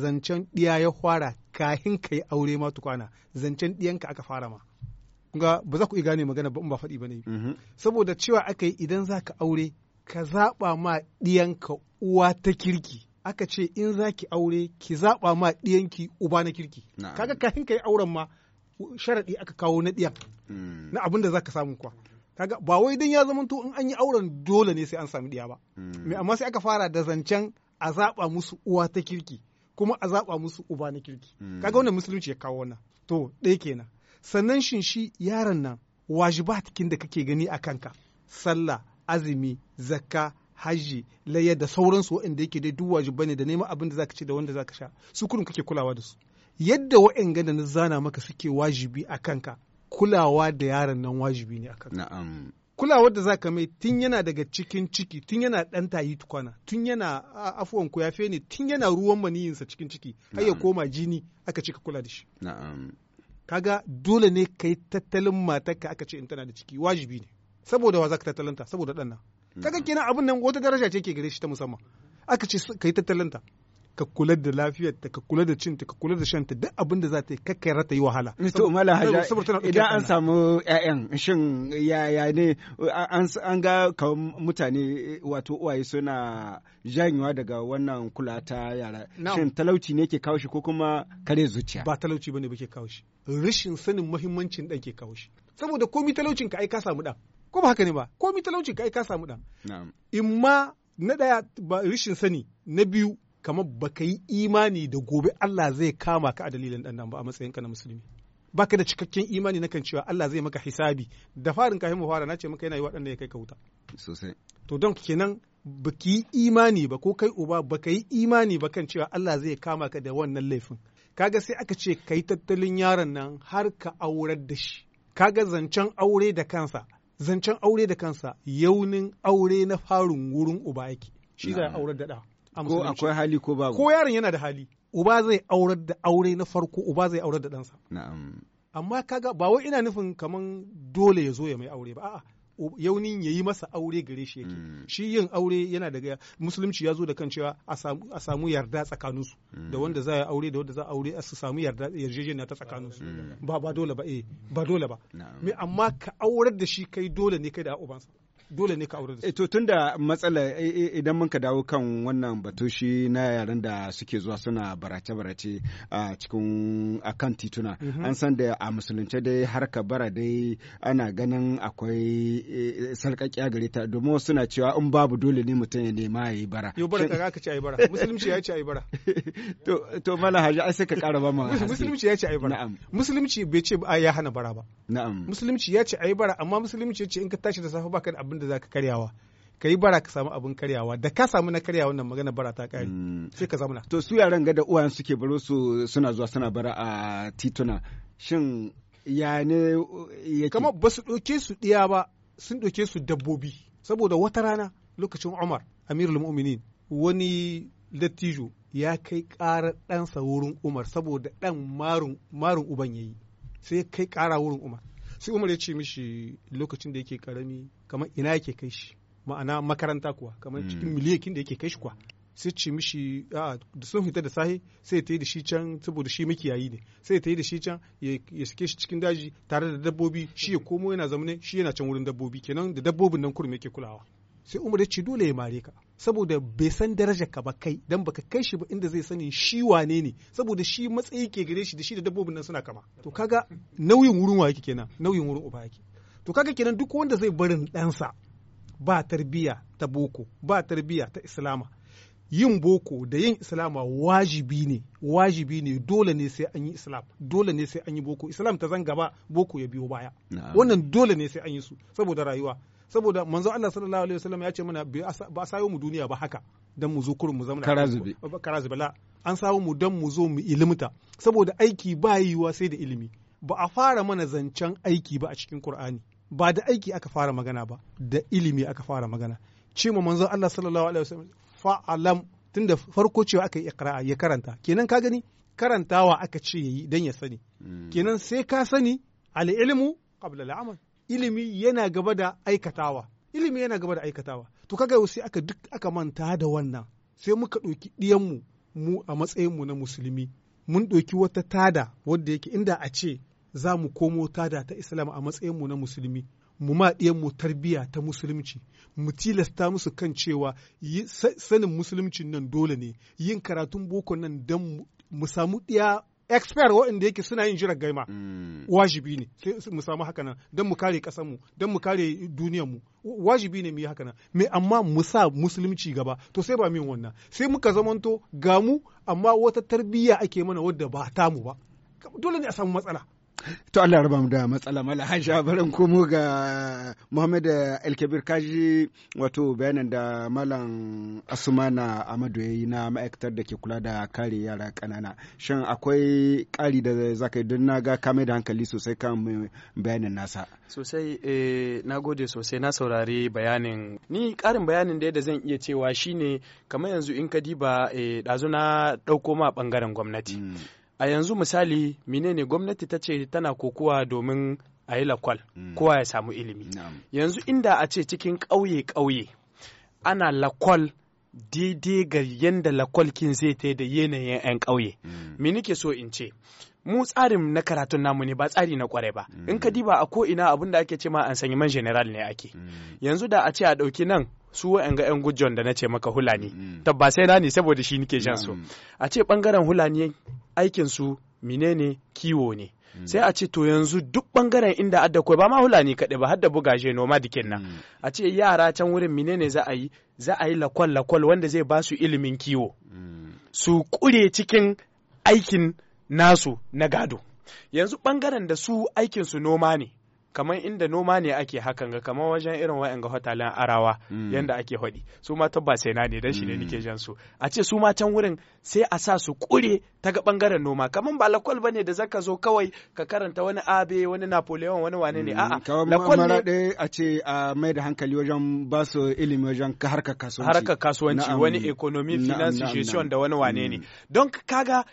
zancen da ya fara kahin ka yi aure ma tukwana zancen ɗiyanka aka fara ma ga ba za ku gane magana ba in ba faɗi ba ne mm-hmm. saboda cewa aka yi idan za ka aure ka zaɓa ma ɗiyanka uwa ta kirki aka ce in za ki aure ki zaɓa ma ɗiyanki uba na kirki kaga kahin ka yi auren ma sharaɗi aka kawo na ɗiyan mm. na abin da za ka samu kuwa kaga ba wai don ya to in an yi auren dole ne sai an sami ɗiya ba mm. amma sai aka fara da zancen a zaɓa musu uwa ta kirki kuma a zaɓa musu uba na kirki hmm. kaga wannan musulunci ya kawo wannan to ɗaya kenan sannan shin shi yaron nan cikin da kake gani a kanka sallah azumi zakka hajji layya da sauransu waɗanda yake dai duk wajibai ne da neman abinda da zaka ci da wanda zaka sha su kurum kake kulawa da su yadda waɗanda da na zana maka suke wajibi a kanka kulawa da yaron nan wajibi ne a kanka kulawar da zaka mai tun yana daga cikin ciki tun yana dan tayi tukwana tun yana afuwan ku yafe ne tun yana ruwan maniyinsa cikin ciki har ya koma jini aka cika kula da shi na'am kaga dole ne kai tattalin matarka aka ce in tana da ciki wajibi ne saboda wa zaka tattalanta saboda dan kaga kenan abin nan wata daraja ce ke gare shi ta musamman aka ce kai tattalanta ka kula da lafiyarta ka kula da cinta ka kula da shanta duk abin da za ta yi kakkaira rata yi wahala to mala haja idan an samu ƴaƴan shin yaya ne an ga mutane wato uwaye suna janyewa daga wannan kula ta yara shin talauci ne ke kawo shi ko kuma kare zuciya ba talauci ba ne ba ke kawo shi rashin sanin muhimmancin ɗan ke kawo shi saboda komi talaucin ka ai ka samu ɗan. ko ba haka ne ba komi talaucin ka ai ka samu ɗan. in ma na ɗaya ba rashin sani na biyu kamar baka yi imani da gobe Allah zai kama ka a dalilin ɗan ba a matsayin ka na musulmi baka da cikakken imani na kan cewa Allah zai maka hisabi da farin kafin mu fara na ce maka yana yi waɗanda ya kai ka wuta sosai to don kenan baka yi imani ba ko kai uba baka yi imani ba kan cewa Allah zai kama ka da wannan laifin kaga sai aka ce kai tattalin yaron nan har ka aurar da shi kaga zancen aure da kansa zancen aure da kansa yaunin aure na farin wurin uba yake shi za aurar da da. ko akwai hali ko babu ko yaron yana da hali uba zai aurar da aure na farko uba zai aurar da ɗansa na'am amma kaga ba wai ina nufin kaman dole ya zo ya mai aure ba a'a yaunin ya yi masa aure gare shi yake hmm. shi yin aure yana daga musulunci ya zo da kan cewa a samu yarda tsakaninsu hmm. da wanda za a aure da wanda za a aure su samu yarda yarjejeniya ta tsakaninsu hmm. ba ba dole ba eh ba dole ba amma ka aurar da shi kai dole ne kai da ubansa dole ne ka aure da su. Eh, to matsala eh, eh, idan mun ka dawo kan wannan batu shi na yaran da suke zuwa suna barace-barace a cikin akan tituna. Mhm. An san da a musulunce dai harka bara dai ana ganin akwai a gare ta domin suna cewa in babu dole ne mutum ya nema ya yi bara. Yau bara ka ka ci a yi bara (laughs) musulunci ya ci a yi bara. (laughs) To mala haji ai sai ka ƙara ba ma. Musulunci ya ci a yi bara. Musulunci bai ce ya hana bara ba. Na'am. Musulunci ya ci a yi bara amma musulunci ya ce in ka tashi da safe baka da abin abin da ka karyawa ka yi bara ka samu abin karyawa da ka samu na karyawa wannan magana bara ta kare mm. sai ka zamana to su yaran ga da uwayen suke baro su suna zuwa suna bara a tituna shin ya ne yake kamar ba su doke su ɗiya ba sun doke su dabbobi saboda wata rana lokacin Umar Amirul Mu'minin wani dattijo ya kai ƙara ɗansa wurin Umar saboda ɗan marin uban yayi sai kai ƙara wurin Umar sai Umar ya ce mishi lokacin da yake karami kamar ina yake kai shi ma'ana makaranta kuwa kamar hmm. cikin miliyakin da yake kai shi kuwa sai ci mishi da sun fita da sahi sai ta yi da shi can saboda shi makiyayi ne sai ta yi da shi can ya suke shi cikin daji tare da dabbobi shi ya komo yana zamane shi yana can wurin dabbobi kenan da dabbobin nan kurum yake kulawa sai umar ya ce dole ya mare ka saboda bai san darajar ka ba kai dan baka kai shi ba inda zai sani shi wane ne saboda shi matsayi ke gare shi da shi da dabbobin nan suna kama to kaga nauyin wurin wa yake kenan nauyin wurin uba yake to kaga kenan duk wanda zai barin ɗansa ba tarbiya ta boko ba tarbiya ta islama yin boko da yin islama wajibi ne wajibi ne dole ne sai an yi islam dole ne sai an yi boko islam ta zanga ba boko ya biyo baya wannan dole ne sai an yi su saboda rayuwa saboda manzo Allah sallallahu alaihi wasallam ya ce mana ba a sayo mu duniya ba haka dan mu zo kurin mu zama karazubi karazubi la an samu mu dan mu zo mu ilimta saboda aiki ba yiwa sai da ilimi ba a fara mana zancen aiki ba a cikin Qur'ani ba da aiki aka fara magana ba da ilimi aka fara magana ce ma manzon Allah sallallahu alaihi wasallam fa'alam tunda farko cewa aka yi iqra'a ya karanta kenan ka gani karantawa aka ce yayi dan ya sani hmm. kenan sai ka sani al ilmu qabla al amal ilimi yana gaba da aikatawa ilimi yana gaba da aikatawa to kaga sai aka duk aka manta da wannan sai muka ɗauki ɗiyanmu mu a matsayinmu na musulmi mun ɗauki wata tada wadda yake inda a ce za mu komo tada ta islam a matsayinmu na musulmi mu ma mu tarbiyya ta musulunci mu tilasta musu kan cewa sanin musuluncin nan dole ne yin karatun boko nan don mu samu ɗiya expert waɗanda yake suna yin jiran gaima mm. wajibi ne sai mu samu haka nan don mu kare ƙasarmu don mu kare duniyarmu wajibi ne mu yi haka nan me amma mu sa musulunci gaba to sai ba min wannan sai muka zamanto gamu amma wata tarbiyya ake mana wadda ba tamu ba dole ne a samu matsala To Allah da matsala mala haja barin komo ga Muhammad Alkabir kaji wato bayanan da malam Asumana Amadu yayi na ma'aikatar da ke kula da kare yara kanana. Shin akwai ƙari da zaka yi don na ga kame da hankali sosai kan bayanin nasa. Sosai eh, na gode sosai na saurari bayanin. Ni ƙarin bayanin da zan iya cewa shine kamar yanzu in ka diba eh, ɗazu na ɗauko ma ɓangaren gwamnati. Mm. a yanzu misali menene gwamnati ta ce tana kokowa domin a yi lakwal mm. kowa ya samu ilimi yanzu inda a ce cikin ƙauye-ƙauye ana lakwal daidai ga yadda kin zai ta da yanayin 'yan ƙauye mm. me nake so in ce mu tsarin na karatun namu ne ba tsari na kwarai ba mm. in ka diba a ko ina abin da ake ce ma man general ne ake yanzu da a ce a ɗauki nan su ga 'yan gujjon da na ce maka hulani tabbasai na ne saboda shi nike jan su a ce bangaren hulani aikinsu menene kiwo ne hmm. sai a ce to yanzu duk bangaren inda adda kwai ba ma hulani kaɗai ba hadda buga da noma dikin nan hmm. a ce yara can wurin menene za a yi za a yi lakwal lakwal wanda zai ba su ilimin kiwo hmm. su kure cikin aikin nasu na gado yanzu bangaren da su aikinsu noma ne kamar inda noma ne ake hakan ga kamar wajen irin wa'yan ga hotalin arawa mm. yanda ake hodi su ma tabbas sai na ne dan shi ne mm. nike jan su a ce su ma can wurin sai a sa su kure ta ga bangaren noma kamar ba lakwal ne da zaka zo kawai ka karanta wani abe wani napoleon wani wane ne a'a mm, ne a ce a mai da hankali wajen ba su ilimi wajen harkar kasuwanci harkar kasuwanci wani economy finance da wani wane ne don kaga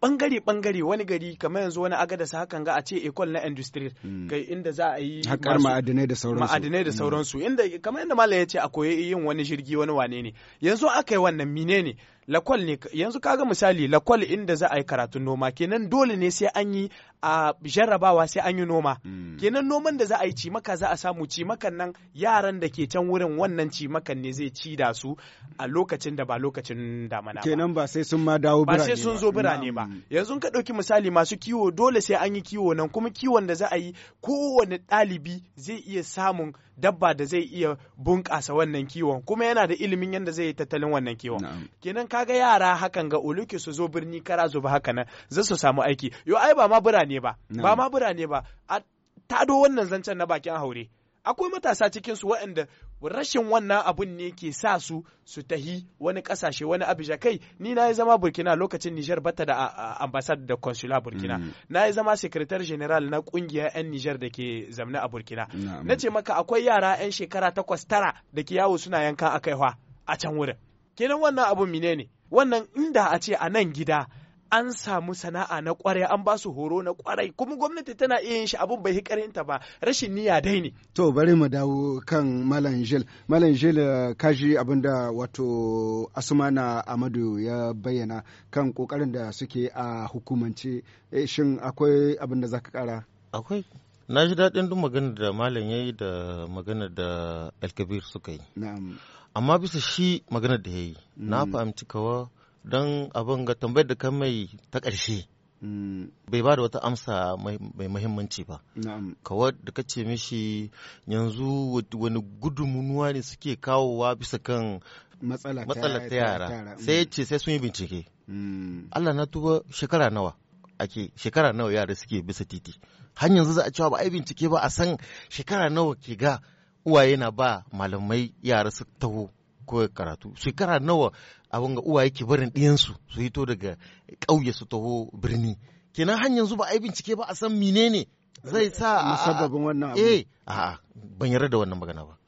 bangare-bangare wani gari kamar yanzu wani agadas hakan ga a ce Ecole na industry hmm. kai inda za a yi hakar ma'adinai da sauransu ma'adinai da hmm. sauransu inda kamar yanda malam ya ce a koyi yin wani jirgi wani wane ne yanzu aka yi wannan mine ne lakwal ne yanzu kaga misali lakwal inda za a yi karatun noma kenan dole ne sai an yi a jarrabawa sai an yi noma hmm. kenan noman da za a yi cimaka za a samu cimakan nan yaran da ke can wurin wannan cimakan ne zai ci da su a lokacin da ba lokacin damana ba kenan ba sai sun ma dawo birane ba sai sun zo birane ba yanzu ka ɗauki misali masu kiwo dole sai an yi kiwo nan kuma kiwon da za a yi kowane ɗalibi zai iya samun dabba da zai iya bunƙasa wannan kiwon kuma yana da ilimin yadda zai yi tattalin wannan kiwon kenan ga yara hakan ga uluki su zo birni kara zuba haka nan za su samu aiki yo ai ba ma birane ba ba ma birane ba a tado wannan zancen na bakin haure akwai matasa cikin su waɗanda rashin wannan abun ne ke sa su su tahi wani kasashe wani abuja kai ni na yi zama burkina lokacin nijar bata da ambasad da consular burkina mm. na yi zama sekretar general na kungiyar 'yan nijar da ke zamani a burkina na ce maka akwai yara 'yan shekara takwas tara da ke yawo suna yanka akaiwa a can wurin kenan wannan abu mine ne wannan inda a ce a nan gida an samu sana'a na kwarai an ba su horo na kwarai kuma gwamnati tana iya yin shi abun bai hikarinta ba rashin niyya dai ne to bari mu dawo kan malam jil malam jil kaji abinda wato asumana amadu ya bayyana kan kokarin da suke a hukumance eh, shin akwai abin da zaka kara akwai na ji daɗin duk maganar da malam ya yi da maganar da alkabir suka yi na'am amma bisa shi magana da ya yi na mm. fahimci kawa don abin ga tambayar da kan mai ta ƙarshe mm. bai ba da wata amsa mai mahimmanci ba kawo da kace mishi yanzu wani gudunmuwa ne suke kawowa bisa kan matsala ta yara sai ya mm. ce sai sun yi bincike allah na tuba shekara nawa ake shekara nawa yara suke bisa titi Hanyar za a cewa ba a yi bincike ba a san shekara nawa ke ga uwaye na ba malamai yara su taho ko karatu shekara nawa abin ga uwaye ke barin ɗiyansu su hito daga ƙauye su taho birni kenan har yanzu ba a yi bincike ba a san menene zai sa musabbabin wannan abu eh a ban yarda da wannan magana ba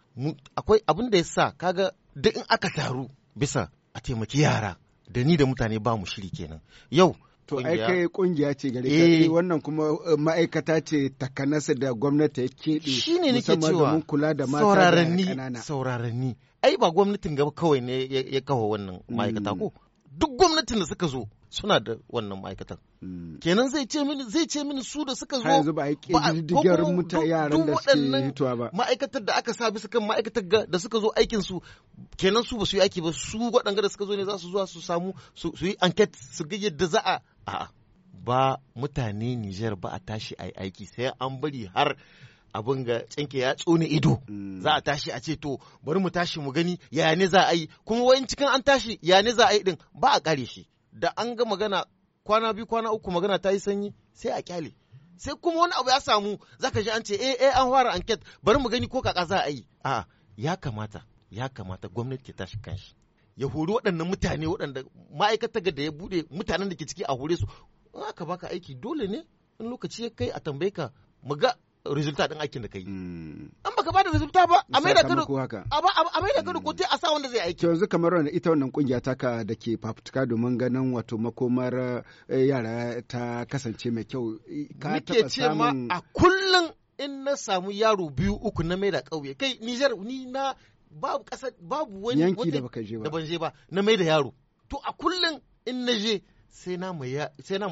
akwai abin da ya sa kaga duk in aka taru bisa a taimaki yara da ni da mutane ba mu shiri kenan yau To ai kungiya ce gare ka eh. Eh, wannan kuma eh, ma'aikata ce takanasa da gwamnati ya keɓe. Shi ne nake cewa kula da mata sauraranni sauraranni ai ba gwamnatin gaba kawai ne ya kawo wannan ma'aikata ko mm. duk gwamnatin da suka zo suna da wannan ma'aikatan. Mm. Kenan zai ce mini zai ce mini su da suka zo yanzu ba a kididdigar mutane yaran da suke hitowa ba. Ma'aikatar da aka sa bisa kan ma'aikatar da suka zo aikin su kenan su ba su yi aiki ba su waɗanga da suka zo ne za su zuwa su samu su yi enquete su ga yadda za a a'a ba mutane Nijar ba a tashi a aiki sai an bari har abin ga tsinke ya tsone ido mm. za a tashi a ce to bari mu tashi mu gani yaya ne za a yi kuma wayan cikin an tashi yaya ne za a yi din ba a kare shi da an ga magana kwana biyu kwana uku magana ta yi sanyi sai a kyale sai kuma wani abu ya samu zaka ji an ce eh, eh an fara anket bari mu gani ko kaka za a yi a ya kamata ya kamata gwamnati ta tashi kanshi ya hori waɗannan mutane waɗanda ma'aikata ga da ya bude mutanen da ke ciki a hore su in aka baka aiki dole ne in lokaci ya kai a tambaye ka mu ga resulta din aikin da kai an hmm. baka bada resulta ba a mai da ka a mai da ka rukuti hmm. a sa wanda zai aiki yanzu kamar wannan ita wannan kungiya taka da ke fafutuka domin ganin wato makomar eh, yara ta kasance mai kyau eh, ka taba samun a kullum in na samu yaro biyu uku na mai da kauye. kai Niger ni na babu kasa babu wani yanki da baka je ba da ban je ba na mai da yaro to a kullum in na je sai na mu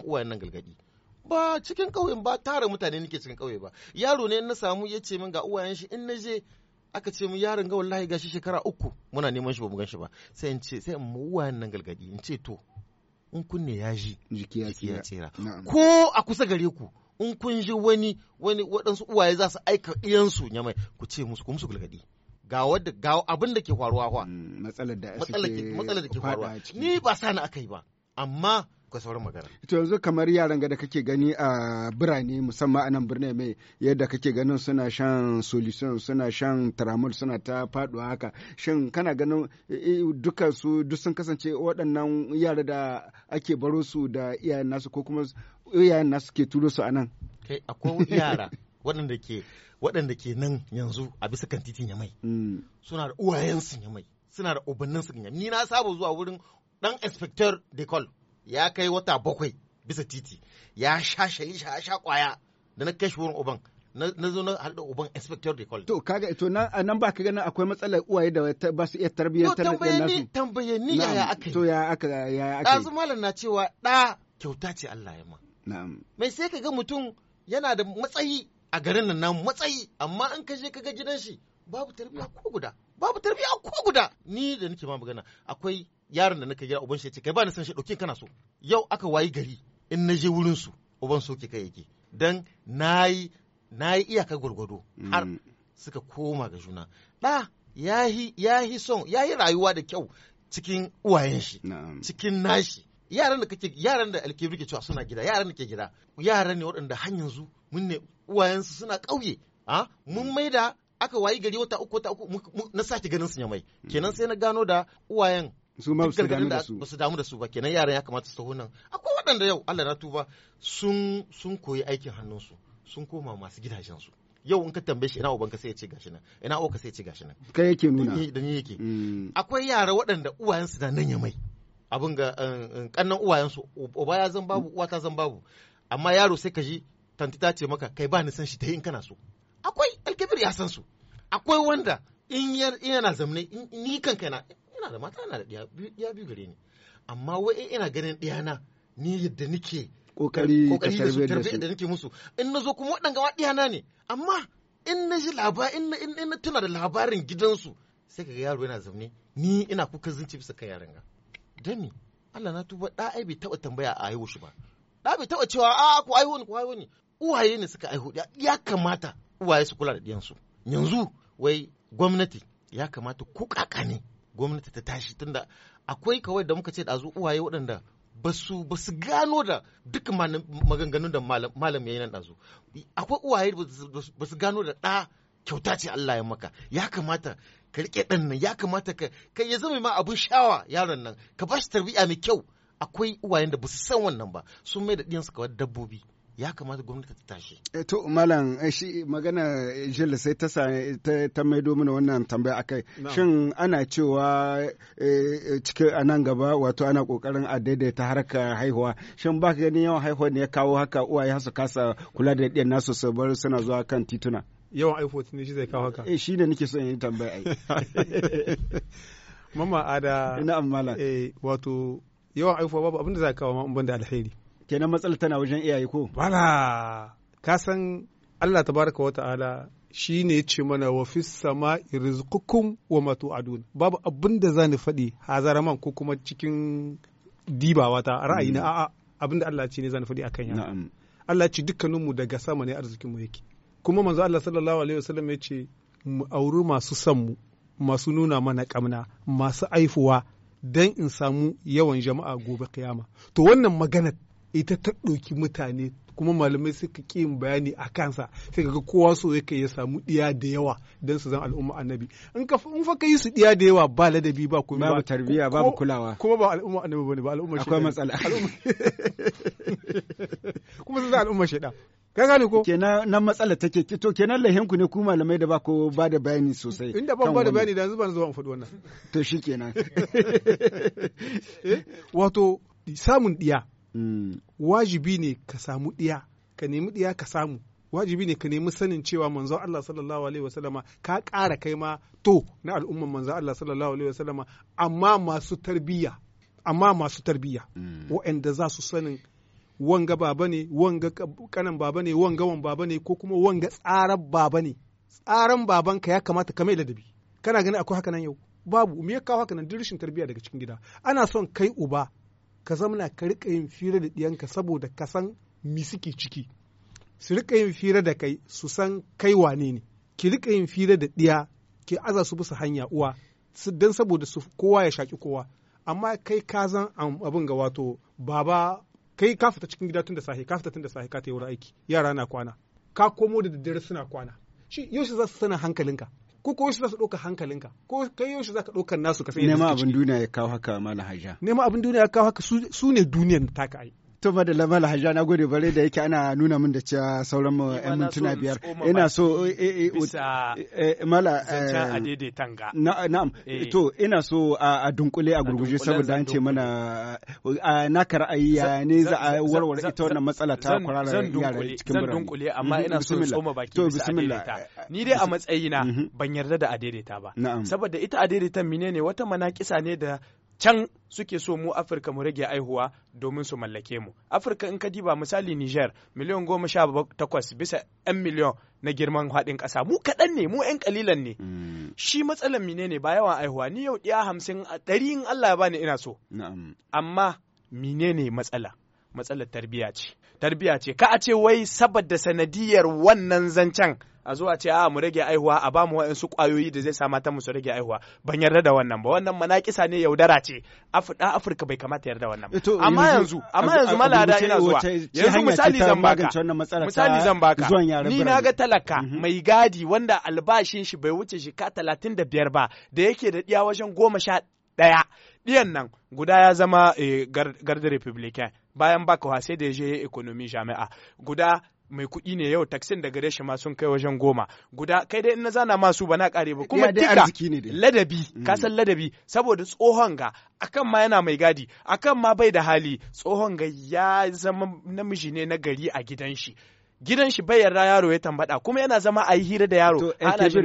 uwayen nan galgadi ba cikin ƙauyen ba tara mutane nake cikin ƙauye ba yaro ne na samu ya ce min ga uwayen shi in na je aka ce mu yaron ga wallahi gashi shekara uku muna neman shi ba mu gan shi ba sai in ce sai mu uwayen nan galgadi in ce to in kunne ya ji jiki ya tsira ko a kusa gare ku in kun ji wani wani waɗansu uwaye za su aika iyansu mai ku ce musu ku musu galgadi ga wadda ga abin da ke faruwa fa mm, matsalar da ke faruwa ni ba sani akai ba amma akwai sauran magana to yanzu kamar yaran ga da kake gani a birane musamman a nan birni mai yadda kake ganin suna shan solution suna shan tramol suna ta faduwa haka shin kana ganin duka su duk sun kasance waɗannan yara da ake baro su da iyayen nasu ko kuma iyayen nasu ke turo su a nan kai akwai yara waɗanda ke waɗanda ke nan yanzu a bisa kan titin mai. Mm. suna da uwayensu mai. suna da ya mai. ni na saba zuwa wurin dan inspector de call ya kai wata bakwai bisa titi ya sha shayi sha sha kwaya da na kai shi wurin uban na zo na haɗa uban inspector de college. To kaga to nan nan ba ka ganin akwai matsalar uwaye da ba su iya tarbiyyantar da nasu. To tambaye ni yaya aka yi. To ya aka ya aka. yi. Ɗazu malam na cewa ɗa kyauta ce Allah ya ma. Na'am. Mai sai ka ga mutum yana da matsayi a garin nan namu matsayi amma in ka je ka ga gidan shi babu tarbiyya ko guda babu tarbiyya ko guda ni da nake ma magana akwai yaron da naka gida uban shi ya ce kai ba ni san shi dauke kana so yau aka wayi gari in na je wurin su uban soke kai yake dan nayi nayi iyaka gwargwado har mm. suka koma ga juna da yahi yahi son yahi rayuwa da kyau cikin uwayen shi cikin nashi yaran da kake yaran da alkebri ke cewa suna gida yaran da ke gida yaran ne waɗanda har yanzu mun ne uwayensu suna ƙauye a mun mm. maida aka wayi gari wata uku wata uku na sake ganin su mai mm. kenan sai na gano da uwayen su ma su damu da su ba su damu da su ba kenan yaran ya kamata su taho nan akwai waɗanda yau Allah na tuba sun sun koyi aikin hannunsu sun koma masu gidajensu yau in ka tambaye shi ina ka sai ya ce gashi nan ina ka sai ya ce gashi nan kai yake nuna da ni yake mm. akwai yara waɗanda uwayensu na nan ya mai abin ga kannan eh, eh, uwayensu uba ya zan babu uwa ta zan babu amma yaro sai ka ji tanti ta ce maka kai ba ni san shi ta in kana so akwai alkabir ya san su akwai wanda in yana zamne ni kan kaina ana da mata na da ɗiya biyu gare ni amma wai ina ganin ɗiya na ni yadda nike. kokari da su da musu in na zo kuma waɗanga ma ɗiya na ne amma in na ji labarin in na tuna da labarin gidansu sai ka ga yaro yana zaune ni ina kuka zunci bisa kan yaran ga dami Allah na tuba da ai bai taɓa tambaya a haihu shi ba da bai taɓa cewa a ku haihu ne ku haihu ne uwaye ne suka haihu ya kamata uwaye su kula da diyansu yanzu wai gwamnati ya kamata ku kaka ne gwamnati ta tashi tunda akwai kawai da muka ce ɗazu uwaye waɗanda ba su gano da duk maganganun da malam ya yi nan ɗazu akwai uwaye ba su gano da ɗa kyauta ce Allah ya maka ya kamata ka riƙe ɗan nan ya kamata ka kai ya zama ma abin shawa yaron nan ka ba shi tarbiyya mai kyau akwai uwayen da ba su san wannan ba sun mai da ɗiyansu kawai dabbobi ya kamata gwamnati ta tashi. Eh, to malam eh, shi magana eh, jil sai ta ta maido mana wannan tambaya akai shin ana cewa cikin a nan gaba wato ana kokarin a daidaita harka haihuwa shin ba gani yawan haihuwa ne ya kawo haka uwaye su kasa kula da ɗiyan nasu su bar suna zuwa kan tituna. yawan aifoti ne shi zai kawo haka. shi ne nake son yin tambaya ai. (laughs) mama ada. ina amala. wato yawan aifuwa babu abin da za kawo ma ban da alheri. kenan matsala tana wajen iyaye ko wala ka san Allah tabaraka ta'ala. shi ne ce mana wa fi sama rizqukum wa matu adun babu abin da zani faɗi hazaraman ko kuma cikin dibawa ta ra'ayi na mm. a'a abin da Allah ce ne zani faɗi akan yana Allah ce dukkaninmu daga sama ne arzikin mu yake kuma manzo Allah sallallahu alaihi wasallam ya ce mu auri masu son mu masu nuna mana kamna masu aifuwa dan in samu yawan jama'a gobe kiyama to wannan maganar ita ta ɗauki mutane kuma malamai suka ƙi yin bayani a kansa sai kaga kowa so yake ya samu ɗiya da yawa don su zan al'umma annabi in ka in fa kai su ɗiya da yawa ba ladabi ba kuma babu tarbiyya babu kulawa kuma ba al'umma annabi bane ba al'umma akwai matsala (laughs) kuma su al'umma shaidan ka gane ko kenan nan matsala take to kenan lahin ku ne ku malamai da ba ko ba da bayani sosai inda ban ba da bayani da yanzu ban zuwa in faɗi wannan to shikenan (laughs) eh? wato samun ɗiya wajibi ne ka samu ɗiya ka nemi ɗiya ka samu wajibi ne ka nemi sanin cewa manzon Allah sallallahu alaihi wasallama ka ƙara kai ma to na al'umman manzon Allah sallallahu alaihi wasallama amma masu tarbiyya amma masu tarbiyya waɗanda za su sanin wanga baba ne wanga kanan baba ne wanga wan baba ne ko kuma wanga tsaran baba ne tsaran babanka ya kamata ka mai ladabi kana gani akwai haka nan yau babu me ya kawo haka nan dirishin tarbiyya daga cikin gida ana son kai uba ka zamana ka rika yin fira da ɗiyanka saboda ka san mi suke ciki su rika yin fira da kai su san kai wane ne ki rika yin fira da ɗiya ki aza su bisa hanya uwa don saboda su kowa ya shaki kowa amma kai ka zan abin ga wato baba kai ka fita cikin gida tun da safe ka fita tun da safe ka ta yi aiki yara na kwana ka komo da daddare suna kwana shi yaushe za su sana hankalinka ko ko shi za su ɗauka hankalinka ko kai yau shi za ka ɗaukar nasu ka sai nema abin duniya ya kawo haka mana haja nema abin duniya ya kawo haka su ne duniyar taka ai to da lamar hajja na gode bare da yake ana nuna min da cewa sauran mu yan mintuna biyar ina so eh, eh, eh, mala na'am to ina so a dunkule a gurguje saboda an ce mana na ra'ayi ya ne za a warware ita wannan matsala ta kwararar yara cikin birane zan dunkule amma mhm, ina so in tsoma baki to bismillah ni dai a matsayina mhm. ban yarda da adaidaita ba saboda ita adaidaitan menene wata manakisa ne da can suke so mu afirka mu rage aihuwa domin su mallake mu afirka in ka diba misali niger miliyan goma sha takwas bisa yan miliyan na girman haɗin ƙasa mu kaɗan ne mu yan ƙalilan ne mm. shi matsalan mine ne ba yawan aihuwa ni yau ɗiya hamsin a ɗari in allah ya bani ina so amma mine ne matsala matsalar tarbiya ce tarbiya ce ka a ce wai saboda sanadiyar wannan zancen a zuwa ce a mu rage aihuwa a bamu waɗansu ƙwayoyi da zai sa matan musu su rage aihuwa ban yarda da wannan ba wannan manakisa ne yaudara ce afirka afirka bai kamata yarda wannan ba eh, amma yanzu amma yanzu malada ina zuwa yanzu misali zan baka misali zan baka ni na ga talaka mhm. mai gadi wanda albashin shi bai wuce shika talatin da biyar ba da yake da ɗiya wajen goma sha ɗaya ɗiyan nan guda ya zama eh, garda republican bayan baka sai da ya je economy jami'a guda mai kuɗi ne yau taksin da gare shi ma sun kai wajen goma guda kai dai in na zana masu ba na kare ba kuma tika ladabi mm. ka san ladabi saboda tsohon ga akan ma yana mai gadi akan ma bai da hali tsohon ga ya zama namiji ne na gari a gidan shi gidan shi bai yarda yaro ya tambada kuma yana zama a yi hira da yaro eh, ana shi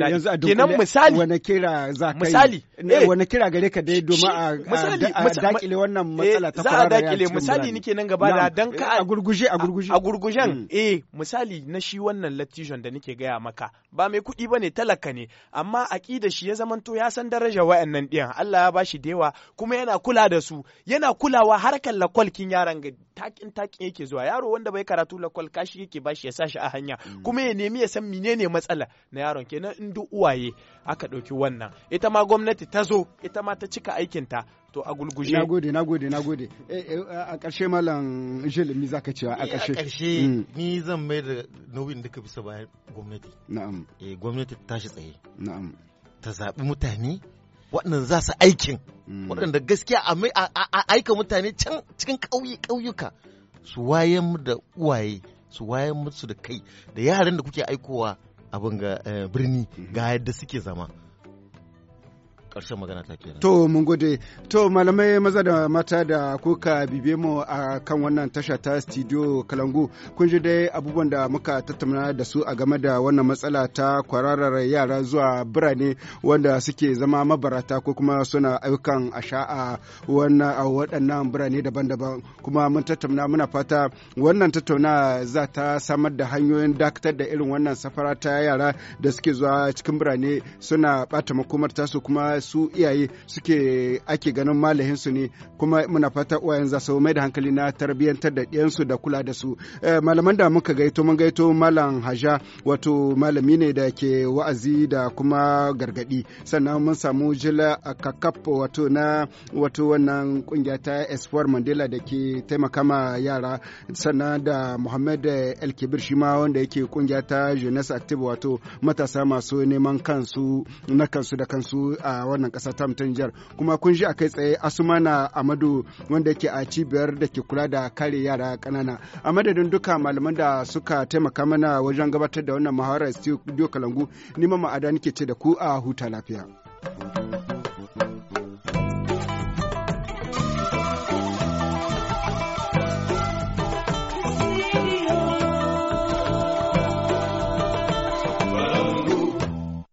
kenan misali wani kira za ka misali eh, wani kira gare ka dai domin a dakile wannan eh, matsala ta za a dakile misali nike nan gaba da dan ka a gurguje a gurguje a gurgujen mm. eh misali na shi wannan latijon da nike gaya maka ba mai kuɗi bane talaka ne amma aqida shi ya zamanto ya san daraja wayannan diyan Allah ya bashi yawa kuma yana kula da su yana kulawa harkar lakwalkin yaran takin takin yake zuwa yaro wanda bai karatu lakwal kashi yake bashi ke ya sa shi a hanya mm. kuma ya nemi ya san menene matsala na yaron kenan in duk uwaye aka ɗauki wannan ita ma gwamnati ta zo ita ma ta cika aikinta to a gulguje na gode na gode na gode eh, eh, a ƙarshe malam jil mi zaka cewa eh, a ƙarshe a ƙarshe mm. ni zan mai da nauyin duka bisa bayan gwamnati na'am eh gwamnati ta tashi tsaye na'am ta zaɓi mutane waɗanda za su aikin mm. waɗanda gaskiya a aika mutane can cikin ƙauyuka su wayan da uwaye su wayan musu da kai da yaran da kuke aikowa abin ga eh, birni mhm. ga yadda suke zama karshen magana ta kenan to mun gode to malamai maza da mata da kuka bibe mu a kan wannan tasha ta studio kalangu kun ji dai abubuwan da muka tattauna da su a game da wannan matsala ta kwararar yara zuwa birane wanda suke zama mabarata ko kuma suna ayyukan asha a waɗannan birane daban-daban kuma mun tattauna muna fata wannan tattauna za ta samar da hanyoyin dakatar da irin wannan safara ta yara da suke zuwa cikin birane suna ɓata makomar tasu kuma su iyaye suke ake ganin malahin su ne kuma muna fata uwayen za su mai da hankali na tarbiyyantar da ɗiyansu da kula da su eh, malaman da muka gaito mun gaito malam haja wato malami ne da ke wa'azi da kuma gargadi sannan mun samu jila a kakaf wato na wato wannan kungiya ta espoir mandela da ke taimaka ma yara sannan da muhammad el shi ma wanda yake kungiya ta jeunesse active wato matasa masu neman kansu na kansu da kansu a wannan kasa ta mutum jihar kuma kun ji a kai tsaye asumana amadu wanda yake a cibiyar da ke kula da kare yara kanana a madadin duka malaman da suka taimaka mana wajen gabatar da wannan muhawarar studio kalangu ni ma ma'ada nake ce da ku a huta lafiya.